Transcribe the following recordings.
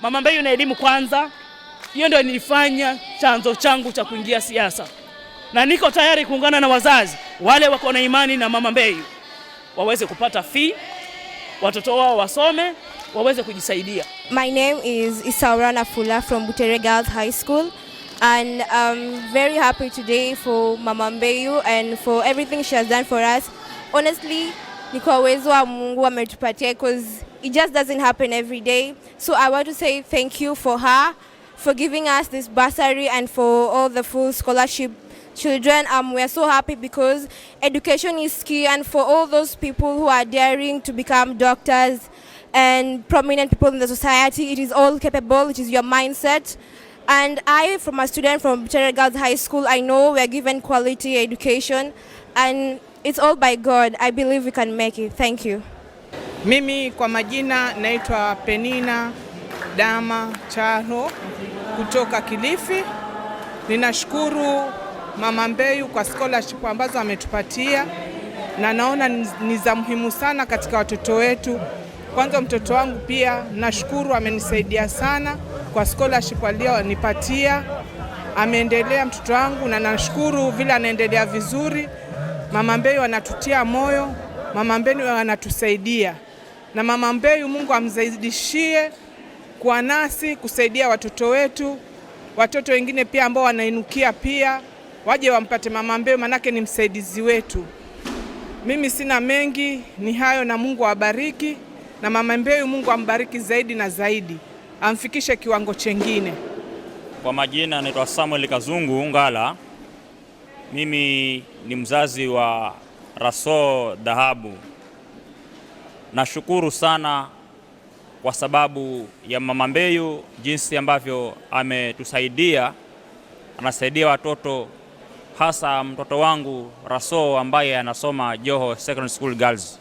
Mama Mbeyu na elimu kwanza, hiyo ndio nilifanya chanzo changu cha kuingia siasa, na niko tayari kuungana na wazazi wale wako na imani na Mama Mbeyu waweze kupata fee, watoto wao wasome, waweze kujisaidia. My name is Isaura Nafula from Butere Girls High School and I'm very happy today for Mama Mbeyu and for everything she has done for us. Honestly, ni kwa uwezo wa Mungu ametupatia because It just doesn't happen every day. So I want to say thank you for her, for giving us this bursary and for all the full scholarship children. Um, we are so happy because education is key, and for all those people who are daring to become doctors and prominent people in the society, it is all capable. It is your mindset. And I, from a student from Butere Girls High School, I know we're given quality education, and it's all by God. I believe we can make it. Thank you. Mimi kwa majina naitwa Penina Dama Charo kutoka Kilifi. Ninashukuru Mama Mbeyu kwa scholarship ambazo ametupatia na naona ni za muhimu sana katika watoto wetu. Kwanza mtoto wangu pia nashukuru, amenisaidia sana kwa scholarship aliyonipatia, ameendelea mtoto wangu, na nashukuru vile anaendelea vizuri. Mama Mbeyu anatutia moyo, Mama Mbeyu anatusaidia na Mama Mbeyu, Mungu amzidishie kuwa nasi kusaidia watoto wetu, watoto wengine pia ambao wanainukia pia waje wampate Mama Mbeyu, manake ni msaidizi wetu. Mimi sina mengi, ni hayo, na Mungu awabariki. Na Mama Mbeyu, Mungu ambariki zaidi na zaidi, amfikishe kiwango chengine. Kwa majina anaitwa Samuel Kazungu Ngala. Mimi ni mzazi wa Raso Dhahabu. Nashukuru sana kwa sababu ya Mama Mbeyu jinsi ambavyo ametusaidia, anasaidia watoto hasa mtoto wangu Raso ambaye anasoma Joho Secondary School Girls.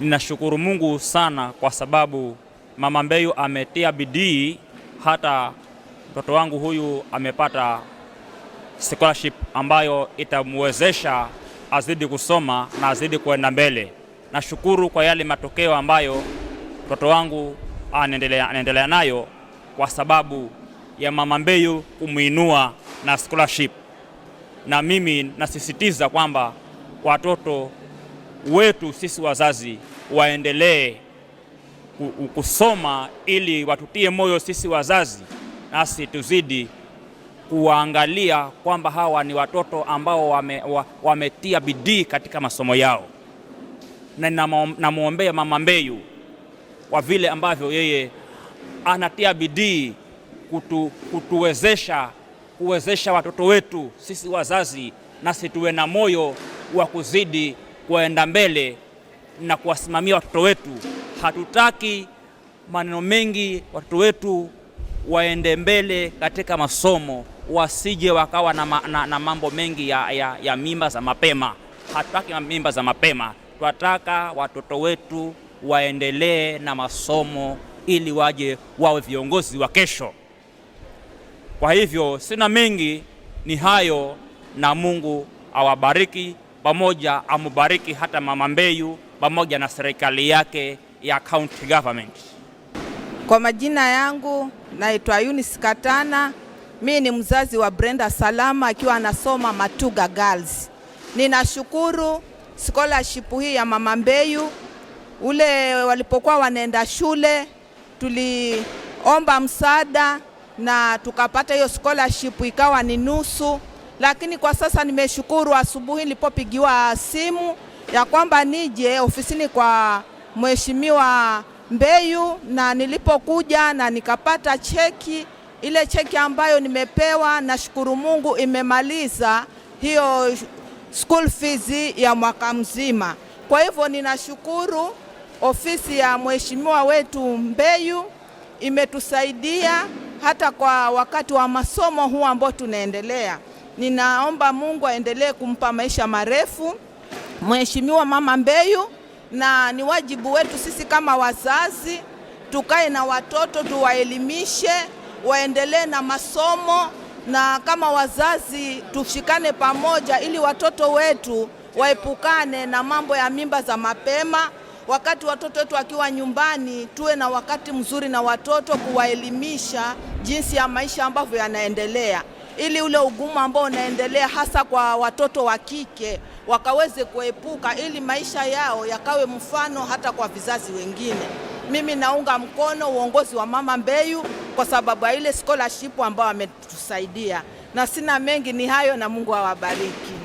Ninashukuru Mungu sana kwa sababu Mama Mbeyu ametia bidii hata mtoto wangu huyu amepata scholarship ambayo itamwezesha azidi kusoma na azidi kuenda mbele nashukuru kwa yale matokeo ambayo mtoto wangu anaendelea anaendelea nayo kwa sababu ya Mama Mbeyu kumuinua na scholarship. Na mimi nasisitiza kwamba watoto wetu sisi wazazi waendelee kusoma ili watutie moyo sisi wazazi, nasi tuzidi kuwaangalia kwamba hawa ni watoto ambao wametia wame bidii katika masomo yao na namwombea Mama Mbeyu kwa vile ambavyo yeye anatia bidii kutu, kutuwezesha kuwezesha watoto wetu sisi wazazi, nasi tuwe na moyo wa kuzidi kuenda mbele na kuwasimamia watoto wetu. Hatutaki maneno mengi, watoto wetu waende mbele katika masomo, wasije wakawa na, ma, na, na mambo mengi ya, ya, ya mimba za mapema. Hatutaki mimba za mapema. Tunataka watoto wetu waendelee na masomo ili waje wawe viongozi wa kesho. Kwa hivyo sina mengi, ni hayo, na Mungu awabariki pamoja, amubariki hata Mama Mbeyu pamoja na serikali yake ya county government. Kwa majina yangu naitwa Eunice Katana. Mi ni mzazi wa Brenda Salama akiwa anasoma Matuga Girls. Ninashukuru scholarship hii ya Mama Mbeyu. Ule walipokuwa wanaenda shule tuliomba msaada na tukapata hiyo scholarship ikawa ni nusu, lakini kwa sasa nimeshukuru, asubuhi nilipopigiwa simu ya kwamba nije ofisini kwa Mheshimiwa Mbeyu, na nilipokuja na nikapata cheki ile cheki ambayo nimepewa, nashukuru Mungu imemaliza hiyo school fees ya mwaka mzima. Kwa hivyo ninashukuru ofisi ya mheshimiwa wetu Mbeyu imetusaidia hata kwa wakati wa masomo huu ambao tunaendelea. Ninaomba Mungu aendelee kumpa maisha marefu mheshimiwa mama Mbeyu, na ni wajibu wetu sisi kama wazazi tukae na watoto tuwaelimishe, waendelee na masomo na kama wazazi tushikane pamoja, ili watoto wetu waepukane na mambo ya mimba za mapema. Wakati watoto wetu wakiwa nyumbani, tuwe na wakati mzuri na watoto kuwaelimisha jinsi ya maisha ambavyo yanaendelea, ili ule ugumu ambao unaendelea hasa kwa watoto wa kike wakaweze kuepuka, ili maisha yao yakawe mfano hata kwa vizazi wengine mimi naunga mkono uongozi wa Mama Mbeyu kwa sababu ya ile scholarship ambayo ametusaidia, na sina mengi, ni hayo, na Mungu awabariki.